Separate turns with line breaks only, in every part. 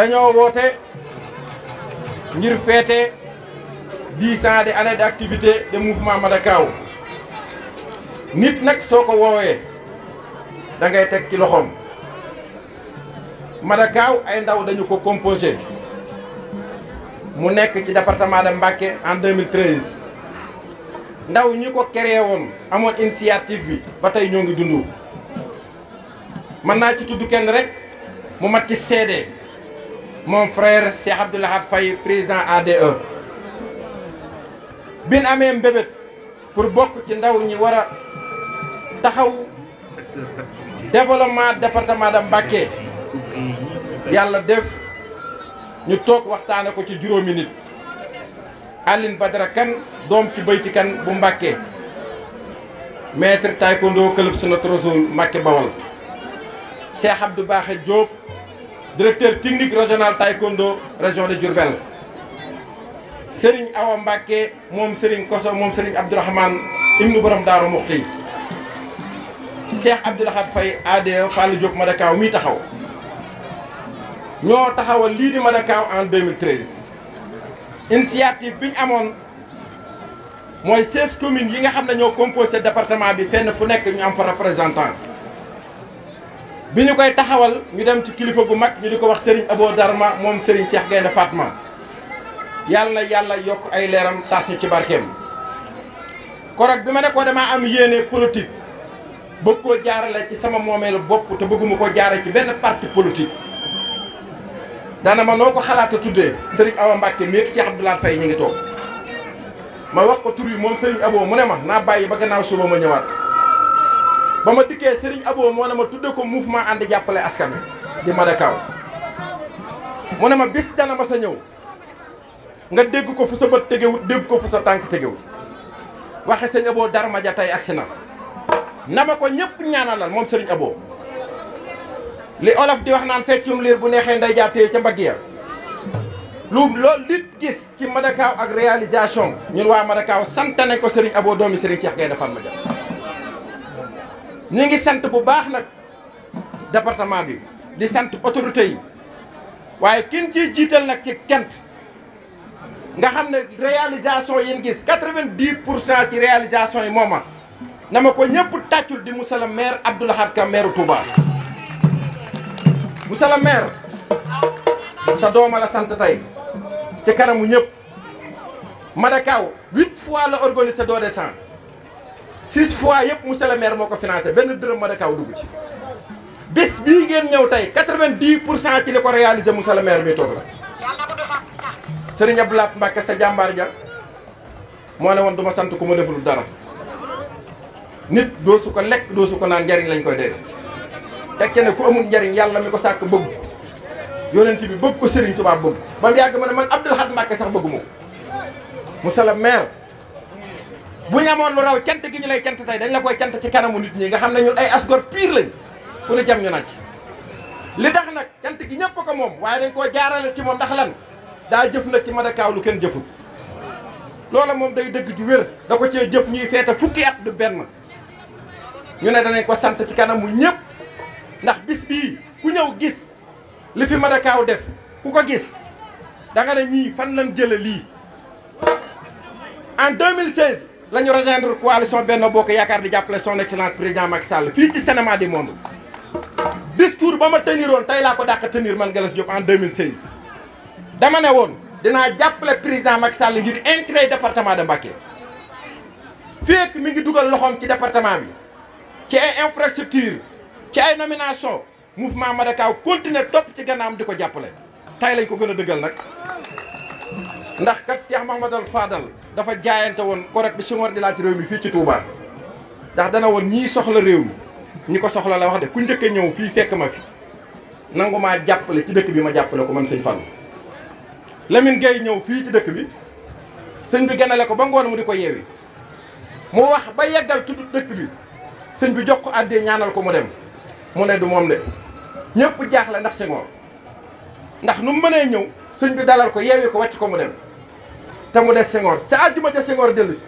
dañoo woote ngir feete di ans de année d'activité de mouvement Madakaw nit nag soo ko woowee dangay teg ci loxoom Madakaw ay ndaw dañu ko composé mu nekk ci département de Mbacké en 2013 ndaw ñi ko créé woon amoon initiative bi ba tey ñoo ngi dund mën naa ci tudd kenn rek mu mat ci seede. mon frère Cheikh Abdou Lahad Faye président ADE bin amee mbébét pour bokk ci ndaw ñi war a taxaw développement département de Mbacké yàlla def ñu toog waxtaane ko ci juróomi nit Aline Badara kan doom ci bayti Kane bu Mbacké maître taekwondo club Sénégal Mbacké Bawol Cheikh Abdou Baxé Diop directeur technique régional taekwondo région de Diourbel Serigne Awa Mbacke moom Serigne Koso moom Serigne Abdourahmane ibnu borom Daaru Muxti Cheikh Abdoulahad Faye ADE Fallou ma Madakaw mii taxaw ñoo taxawal lii di Madakaw en 2013 initiative bi ñu amoon mooy 16 communes yi nga xam ne ñoo composé département bi fenn fu nekk ñu am fa représentant bi ñu koy taxawal ñu dem ci kilifa gu mag ñu di ko wax Serigne Abo Darma moom Serigne Cheikh Gaynde Fatma yàlla yàlla yokk ay leeram taas ñu ci barkeem korog bi ma ne ko damaa am yéene politique bëgg koo jaarale ci sama moomeelu bopp te bëgguma ko jaare ci benn parti politique dana ma noo ko xalaata tuddee Serigne Awa Mbacke mi ak Cheikh Abdoulaye Faye ñu ngi toog ma wax ko tur yi moom Serigne Abo mu ne ma naa bàyyi ba gannaaw suba ma ñëwaat ba ma dikkee Serigne Abo moo ne ma tudde ko mouvement ànd jàppale askan wi di Madakaw mu ne ma bis dana ma sa ñëw nga dégg ko fu sa bët tegewut dégg ko fu sa tànk tegewut waxe sëñ Abo dara ma ja tey agsi na na ma ko ñëpp ñaanalal moom sëriñ Abo li olof di wax naan feccum liir bu neexee nday jaatee ca mbagg lu loolu dit gis ci Madakaw ak réalisation ñun waa Madakaw sant nañ ko Serigne Abo doomi Serigne Cheikh Gaïndé Fatma Dia ñu ngi sant bu baax nag département bi di sant autorité yi waaye kin ci jiital nag ci cant nga xam ne réalisation yi ñu gis quatre vingt pour cent ci réalisation yi mooma na ma ko ñëpp tàccul di monsieur le maire Abdou Lahad Ka maire Touba monsieur le sa dooma la sant tey ci kanamu ñëpp Madakaw huit fois la organisé don de sang six fois yëpp monsieur le moo ko financé benn dërëm ma kaw dugg ci bis bii ngeen ñëw tey quatre vingt pour cent ci li ko réalisé monsieur le maire toog la Serigne Abdou Lahad sa jàmbaar ja moo ne woon du sant ku ma deful dara nit doo su ko lekk doo su ko naan njariñ lañ koy dee tekke kenn ku amul njariñ yàlla mi ko sàkk bëgg yonent bi bëgg ko Serigne Touba bëgg ba mu yàgg ma ne man Abdou Lahad Mbacké sax bëggu ma ko monsieur le maire bu ñu amoon lu raw cant gi ñu lay cant tey dañ la koy cant ci kanamu nit ñi nga xam ne ñun ay asgor pire lañ ku ñu jam ñu nag li tax nag cant gi ñëpp ko moom waaye dañ koo jaarale ci moom ndax lan daa jëf nag ci Madakaw lu kenn jëful loola moom day dëgg ju wér da ko cee jëf ñuy feete fukki at du benn ñu ne danañ ko sant ci kanamu ñëpp ndax bis bii ku ñëw gis li fi Madakaw def ku ko gis da nga ne ñii fan lañ jële lii en 2016 la ñu rejoindre coalition Benno Bokk Yaakaar di jàppale son excellence président Macky Sall fii ci cinéma du monde discours ba ma teniroon tey laa ko dàq tenir man Gallas Diop en 2016 dama ne woon dinaa jàppale président Macky Sall ngir intérêt département de Mbacké fekk mi ngi dugal loxoom ci département bi ci ay infrastructure ci ay nomination mouvement Madakaw continuer topp ci gannaam di ko jàppale tey lañ ko gën a dëggal nag ndax kat ma Cheikh Mahmadal Fadal dafa jaayante woon correct bi Senghor di laaj réew mi fii ci Touba ndax dana woon ñii soxla réew mi ñi ko soxla la wax de ku njëkk a ñëw fii fekk ma fi nangu maa jàppale ci dëkk bi ma jàppale ko man sëñ Fall Lamine Gueye ñëw fii ci dëkk bi sëñ bi ganale ko ba ngoon mu di ko yeewi mu wax ba yeggal tudd dëkk bi sëñ bi jox ko àddee ñaanal ko mu dem mu ne du moom de ñëpp jaaxle ndax Senghor ndax nu mu mënee ñëw sëñ bi dalal ko yeewi ko wàcc ko mu dem te mu des Senghor ca àjjuma ja Senghor dellu si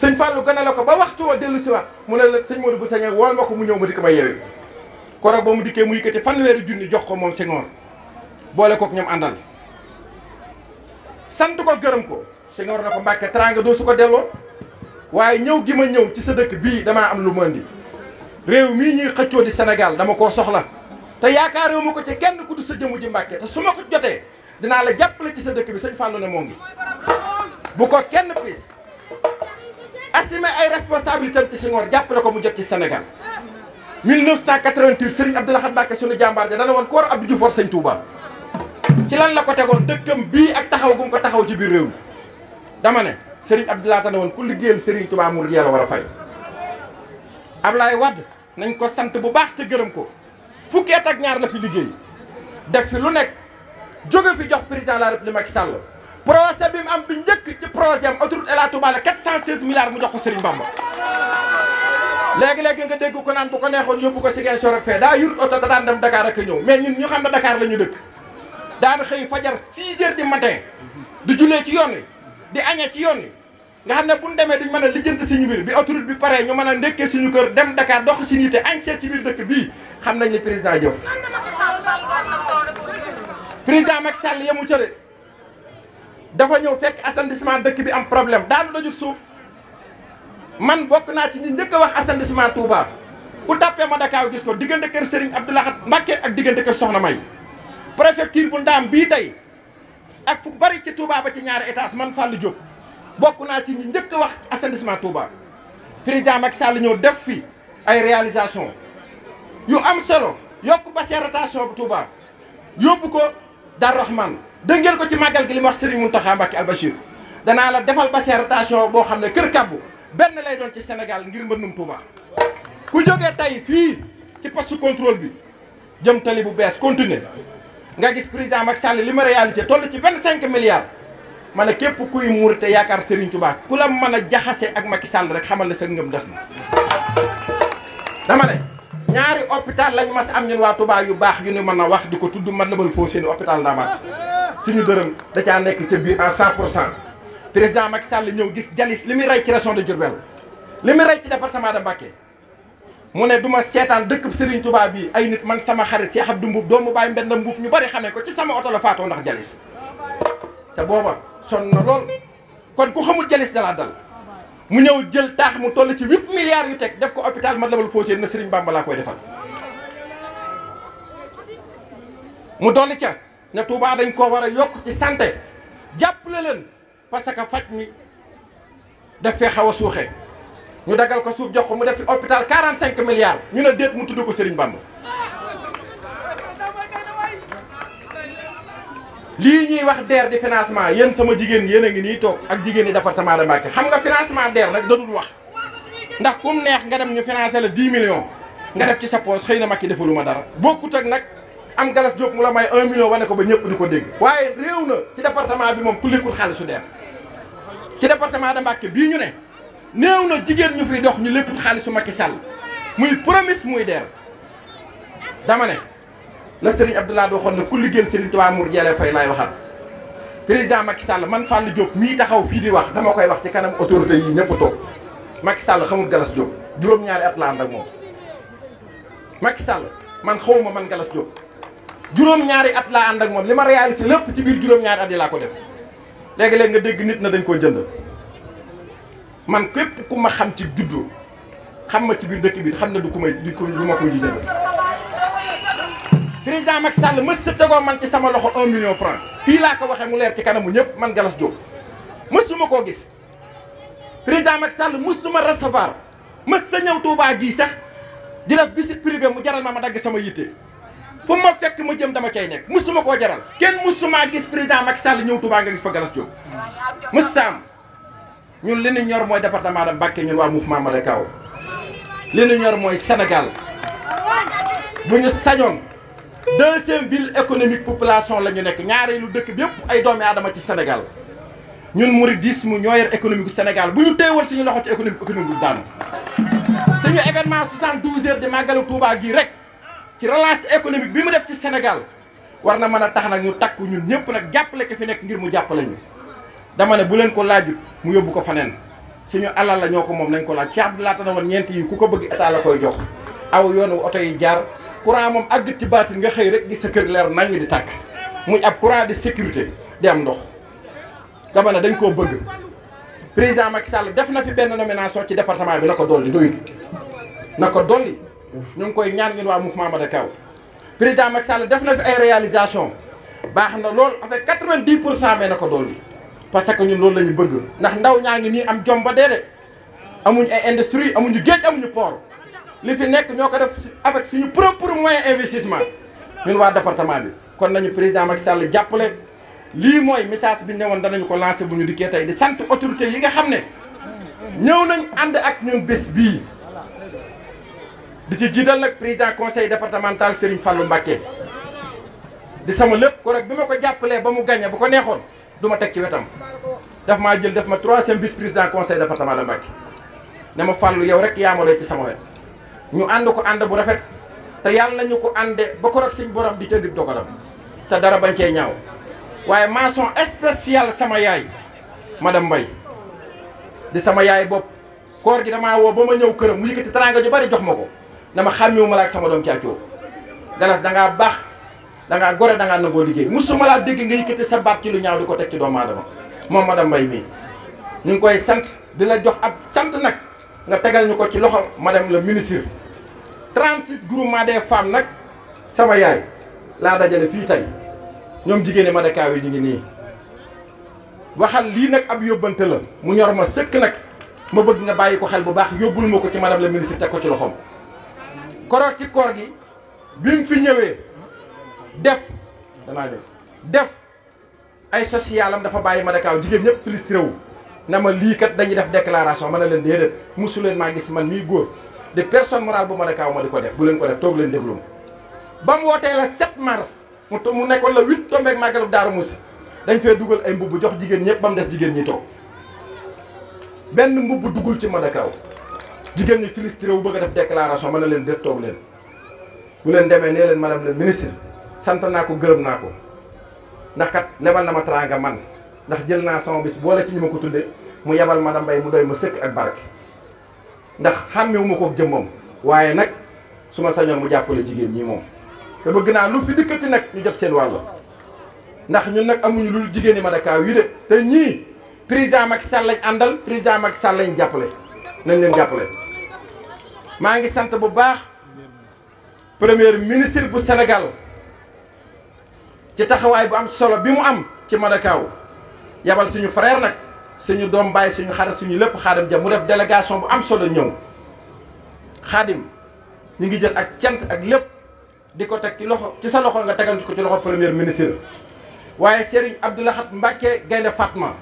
sëñ Fallou gane la ko ba waxtu woo dellu si mu ne la sëñ Modou bu sañee wool ma ko mu ñëw ma dikk may yewe koroog boo mu dikkee mu yëkkati fanweeri junni jox ko moom Senghor boole kook ñoom àndal sant ko gërëm ko Senghor na ko Mbàkke teraanga doo su ko delloo waaye ñëw gi ma ñëw ci sa dëkk bii damaa am lu ma indi réew mii ñuy xëccoo di senegal dama koo soxla te yaakaar yaakaaroo ma ko ci kenn ku du sa jëmu ji Mbàkke su ma ko jotee dinaa la jàppale ci sa dëkk bi sëñ Fallou ne moo ngi bu ko kenn piis assumer ay responsabilités ci Senghor jàppale ko mu jot ci senegal 1988 Serigne Abdou Lahad Mbacké sunu jàmbaar ja dana woon koor Abdou Diouf war Serigne Touba ci lan la ko tegoon dëkkam bii ak taxaw gu ko taxaw ci biir réew mi dama ne Serigne Abdou Lahad dana woon ku liggéeyal Serigne Touba mu yàlla war a fay Ablaye Wade nañ ko sant bu baax te gërëm ko fukki at ak ñaar la fi liggéey def fi lu nekk jóge fi jox président de la république Macky Sall projet bi mu am bi njëkk ci projet am autoroute Ila Touba la 416 milliards mu jox ko Serigne Bamba. léegi-léegi nga dégg ko naan bu ko neexoon yóbbu ko Ziguinchor ak fee daa yurut oto da daan dem Dakar ak ñëw mais ñu xam ne Dakar la ñu dëkk. daan xëy fajar 6 heures du matin di jullee ci yoon wi di añee ci yoon wi nga xam ne bu ñu demee duñ mën a lijjanti suñu mbir bi autoroute bi paree ñu mën a ndekkee suñu kër dem Dakar dox si nit te añ seet ci biir dëkk bii xam nañ ni président Diop. président Macky Sall yemu ca de dafa ñëw fekk assainissement dëkk bi am problème daanu dajut suuf man bokk naa ci ñi njëkk a wax assainissement Touba ku tàppee ma Dakar gis ko diggante kër Serigne Abdou Lahad Mbacké ak diggante kër Soxna May préfecture bu ndaam bii tey ak fu bari ci Touba ba ci ñaari étage man Fallou jóg bokk naa ci ñi njëkk a wax assainissement Touba président Macky Sall ñëw def fi ay réalisation yu am solo yokk bassin rotation bu Touba yóbbu ko Darou Rahmane dégg ngeen ko ci màggal gi li ma wax Serigne Mountakha Mbacké Al Bachir danaa la defal bassin rotation boo xam ne Kër Kàbbu benn lay doon ci senegal ngir mbëndum Touba. ku jógee tey fii ci poste contrôle bi jëm tali bu bees continuer nga gis président Macky Sall li ma réalisé toll ci vingt cinq milliards ma ne képp kuy muur te yaakaar Serigne Touba ku la mën a jaxase ak Macky Sall rek xamal na sa ngëm des na. dama ne ñaari hôpital ma mas am ñun waa Touba yu baax yu ni mën a wax di ko tudd man la bal foo seeni hôpital Ndamaat. suñu dërëm da caa nekk ca biir en cent pour cent président Macky Sall ñëw gis jalis li muy rey ci région de Diourbel li muy rey ci département de Mbacké mu ne du ma seetaan dëkk Serigne tubaab bii ay nit man sama xarit Cheikh Abdou Mboub doomu Baye mbenn Mboub ñu bari xamee ko ci sama oto la faatoo ndax jalis te booba sonn na lool kon ku xamul jalis dalaa dal mu ñëw jël taax mu toll ci huit milliards yu teg def ko hôpital Matlaboul Fawzeyni na Serigne Bamba laa koy defal mu dolli ca. ne Touba dañ koo war a yokk ci santé jàppale leen parce que faj mi daf fee xaw a suuxee ñu dagal ko suuf jox ko mu def fi hôpital cinq milliards ñu ne déet mu tudd ko Serigne Bamba. lii ñuy wax DER di financement yéen sama jigéen yéen a ngi nii toog ak jigéen ñi département de Mbacké xam nga financement DER nag dadul wax ndax kum neex nga dem ñu financé la 10 million nga def ci sa poche xëy na Macky ma dara boo bokkut ak nag. am galas Diop mu la may un wane ko ba ñëpp di ko dégg waaye réew na ci département bi moom ku lekkul xaalisu DER ci departement da Mbacké bii ñu ne néew na jigéen ñu fi dox ñu lekkul xaalisu Macky Sall muy promise muy DER dama ne la Serigne Abdoulaye waxoon ne ku liggéeyal Serigne Touba Mour Jalle Faye laay waxal président Macky Sall man Fallou Diop mii taxaw fii di wax dama koy wax ci kanam autorité yi ñëpp toog Macky Sall xamul galas jóob juróom at la ak moom Macky Sall man xawuma man galas Diop juróom-ñaari at laa ànd ak moom li ma réalisé lépp ci biir juróom-ñaari at yi laa ko def léegi-léegi nga dégg nit na dañ koo jënd man képp ku ma xam ci juddu xam ma ci biir dëkk bi xam ne du ku may du ma ko ji jënd président Macky Sall mës sa tegoo man ci sama loxo un million franc fii laa ko waxee mu leer ci kanamu ñëpp man Galas Diop mësuma koo gis président Macky Sall mësuma recevoir mës sa ñëw Touba gii sax di def visite privée mu jaral ma ma dagg sama yitte fu ma fekk ma jëm dama cay nekk musuma koo jaral kenn musuma gis président Macky Sall ñëw Touba nga gis fa Galas Diop musaam ñun li ñu ñor mooy département de Mbacké ñun waa mouvement Madakaw li ñu ñor mooy senegal bu ñu sañoon deuxième ville économique population la ñu nekk ñaareelu dëkk bi yëpp ay doomi aadama ci senegal ñun mouridisme ñoo yor économique senegal bu ñu téewal suñu loxo ci économique économique bu daanu suñu événement 72 heures de gii rek ci relance économique bi mu def ci Sénégal war na mën a tax nag ñu takku ñu ñëpp nag jàppale ko fi nekk ngir mu jàppale ñu dama ne bu leen ko laajut mu yóbbu ko faneen suñu alal la ñoo ko moom nañ ko laaj Cheikh Abdoulaye Tall woon ñeent yi ku ko bëgg état la koy jox aw yoonu oto yi jaar courant moom àgg ci baatin nga xëy rek gis sa kër leer nañ di tàkk muy ab courant de sécurité di am ndox dama ne dañ koo bëgg président Macky Sall def na fi benn nomination ci département bi na ko dolli doyul na ñu ngi koy ñaan ñun waa mouvement Madakaw président Macky Sall def na fi ay réalisation baax na lool en fait quatre-vingt-dix pour cent mais na ko dolli parce que ñun loolu la ñu bëgg ndax ndaw ñaa ngi nii am jom ba dee de amuñ ay industrie amuñu géej amuñu port li fi nekk ñoo ko def avec suñu propre moyen investissement ñun waa département bi kon nañu président Macky Sall jàppale lii mooy message bi ne woon danañu ko lancé bu ñu dikkee tey di sant autorité yi nga xam ne ñëw nañ ànd ak ñun bés bii di ci jiital nag président conseil départemental Serigne Fallou Mbacké di sama lépp ko rek bi ma ko jàppalee ba mu gagné bu ko neexoon duma teg ci wetam daf maa jël def ma troisième vice président conseil départemental Mbacké ne ma Fallou yow rek yaamaloo ci sama wet ñu ànd ko ànd bu rafet te yàlla nañu ko ànde ba ko rek borom di ca dib dogalam te dara bañ cee ñaaw waaye mention spéciale sama yaay madame Mbaye di sama yaay bopp koor gi damaa woo ba ma ñëw këram mu teraanga ju bari jox ma ko dama xàmmewu ma la ak sama doom caacoo galas dangaa baax dangaa gore dangaa nangoo liggéey ma laa dégg nga yëkkati sa baat ci lu ñaaw di ko teg ci doomu aadama moom madame Mbaye mii ñu ngi koy sant di la jox ab sant nag nga tegal ñu ko ci loxo madame la ministre 36 groupement des femmes nag sama yaay laa dajale fii tey ñoom jigéen ñi Madakaw yi ñu ngi nii waxal lii nag ab yóbbante la mu ñor ma sëkk nag ma bëgg nga bàyyi ko xel bu baax yóbbul ma ko ci madame la ministre teg ko ci loxoom koroog ci koor gi bi mu fi ñëwee def danaa ñëw def ay social am dafa bàyyi Madakaw jigéen ñëpp frustré wu na ma liikat kat dañuy def déclaration ma ne leen déedéet mosu leen maa gis man mii góor de personne morale bu Madakaw ma di ko def bu leen ko def toog leen déglu ma ba mu wootee la 7 mars mu mu nekkoon la 8 tombeeg màggalu Daaru Musi dañ fee dugal ay mbubb jox jigéen ñëpp ba mu des jigéen ñi toog benn mbubbu dugul ci Madakaw jigéen ñi filistré wu bëgg def déclaration mën na leen def toog leen bu leen demee nee leen madame le ministre sant naa ko gërëm naa ko ndax kat lebal na ma teraanga man ndax jël naa sama bis boole ci ñu ma ko tudde mu yebal madame Mbaye mu doy ma sëkk ak barke ndax xàmmewu ma ko jëmmam waaye nag su ma sañoon mu jàppale jigéen ñi moom te bëgg naa lu fi dikkati nag ñu jot seen wàll ndax ñun nag amuñu lu jigéen ñi Madakaw yi de te ñii président Macky Sall lañ àndal président Macky Sall lañ jàppale nañ leen jàppale maa ngi sant bu baax premier ministre bu senegal ci taxawaay bu am solo bi mu am ci Madakaw yabal suñu frère nag suñu doom bàyyi suñu xarit suñu lépp xaadim ja mu def délégation bu am solo ñëw xaadim ñu ngi jël ak cant ak lépp di ko teg ci loxo ci sa loxo nga tegal ko ci loxo premier ministre waaye Serigne Abdou Lahad Mbacké Gaynde Fatma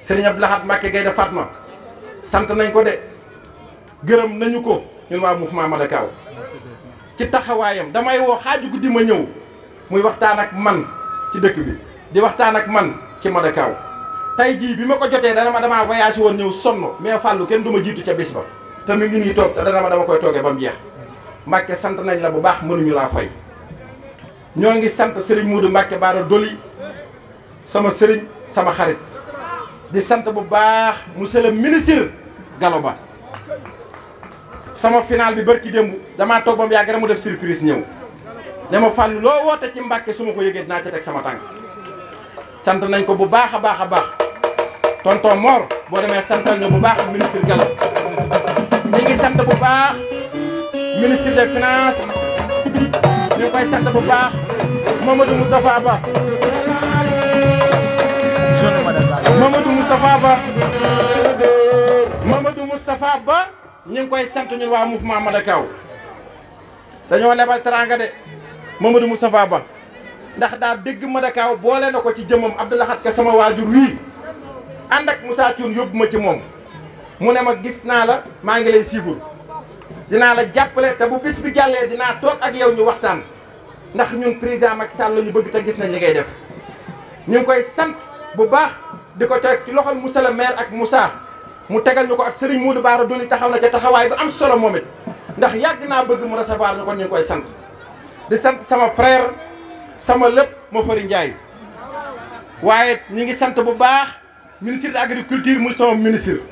Serigne Abdou Lahad Mbacké Gaynde Fatma sant nañ ko de gërëm nañu ko ñun waa mouvement Madakaw ci taxawaayam damay woo xaaj guddi ma ñëw muy waxtaan ak man ci dëkk bi di waxtaan ak man ci Madakaw tey jii bi ma ko jotee dana ma damaa voyagé woon ñëw sonn mais fàllu kenn du ma jiitu ca bis ba te mi ngi nii toog te dana ma dama koy toogee ba mu jeex Mbàkke sant nañ la bu baax mënuñu laa fay ñoo ngi sant sëriñ Modou Mbàkke Bara Doli sama sëriñ sama xarit di sant bu baax mu le ministre Gallo Ba sama final bi barki démb damaa toog ba mu yàgg rek mu def surprise ñëw ne ma fàllu loo woote ci Mbàkke suma ko yëgee dinaa ca teg sama tànk sant nañ ko bu baax a baax a baax tonton Mor boo demee santal ñu bu baax ministre Gallo ñu ngi sant bu baax ministre des finances ñu ngi koy sant bu baax Mamadou Moustapha Ba Mamadou Moustapha Ba Mamadou Moustapha Ba ñu koy sant ñun waa mouvement Madakaw dañoo lebal teranga de Mamadou Moustapha Ba ndax daa dégg Madakaw boole na ko ci jëmmam Abdoulahat Ka sama waajur wii ànd ak Moussa Thioune yóbbu ma ci moom mu ne ma gis naa la maa ngi lay siiful dinaa la jàppale te bu bis bi jàllee dinaa toog ak yow ñu waxtaan ndax ñun président Macky Sall ñu bëgg te gis nañ li ngay def ñu koy sant bu baax di ko teg ci loxol monsieur le maire ak Moussa mu tegal ñu ko ak Serigne Modou Bara Dolly taxaw na ca taxawaay bu am solo moom ndax yàgg naa bëgg mu recevoir ñu ko ñu koy sant di sant sama frère sama lépp ma fari Ndiaye waaye ñi ngi sant bu baax ministre de l'agriculture muy sama ministre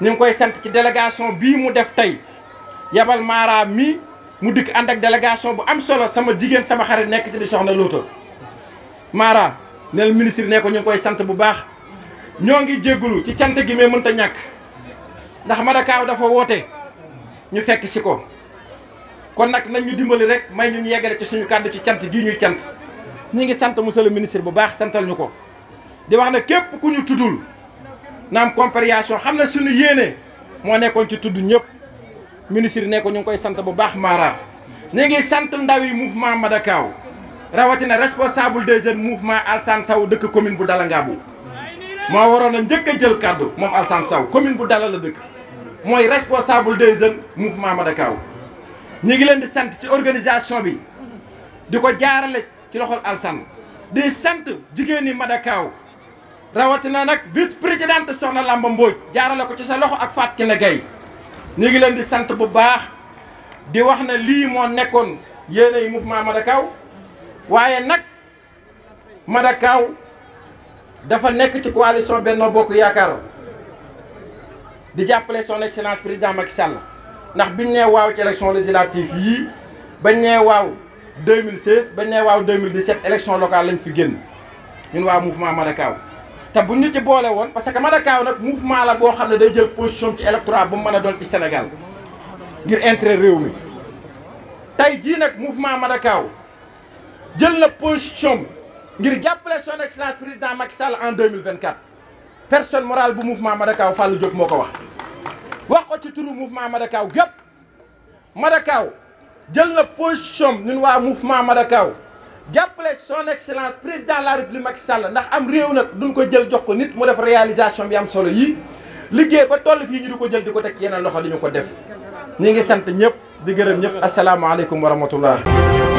ñu koy sant ci délégation bii mu def tey yabal Mara mi mu dikk ànd ak délégation bu am solo sama jigéen sama xarit nekk ci di soxna Loota Mara nel ministre ne ko ñu ngi koy sant bu baax ñoo ngi jéggulu ci cant gi mais mënta ñàkk ndax Madakaw dafa woote ñu fekk si ko kon nag nañ ñu dimbali rek may ñu yeggale ci suñu kàddu ci cant gi ñuy cant ñu ngi sant monsieur le ministre bu baax santal ñu ko di wax na képp ku ñu tuddul na am xam na suñu yéene moo nekkoon ci tudd ñëpp ministre ne ko ñu ngi koy sant bu baax Mara ñu ngi sant ndaw yi mouvement Madakaw rawatina responsable des jeunes mouvement Alsane Saw dëkk commune bu Dala Ngaabu moo waroon a njëkk a jël kàddu moom Alsane Saw commune bu Dala la dëkk mooy responsable des jeunes mouvement Madakaw ñi ngi leen di sant ci organisation bi di ko jaarale ci loxol Alsane di sant jigéen ñi Madakaw rawatina nag vice présidente soxna Lamba Mbodj jaarale ko ci sa loxo ak Fatou Kiné Gaye ñu ngi leen di sant bu baax di wax na lii moo nekkoon yi mouvement Madakaw waaye nag Madakaw dafa nekk ci coalition Benno Bokk Yaakaar di jàppale son excellence président Macky Sall ndax biñ nee waaw ci élection législative yii bañ nee waaw 2016 bañ nee waaw 2017 élection locale lañ fi génn ñun waa mouvement Madakaw te bu ñu ci boole woon parce que Madakaw nag mouvement la boo xam ne day jël position ci électorat bu mu mën a doon ci Sénégal ngir intérêt réew mi tey jii nag mouvement Madakaw jël na position ngir jàppale son excellence président Macky Sall en 2024 personne morale bu mouvement Madakaw Fallou Diop moo ko wax wax ko ci turu mouvement Madakaw gépp Madakaw jël na position ñun waa mouvement Madakaw jàppale son excellence président la république Macky Sall ndax am réew nag duñ ko jël jox ko nit mu def réalisation bi am solo yii liggéey ba toll fii ñu di ko jël di ko teg yeneen loxo di ñu ko def ñi ngi sant ñëpp di gërëm ñëpp asalaamaaleykum wa rahmatullah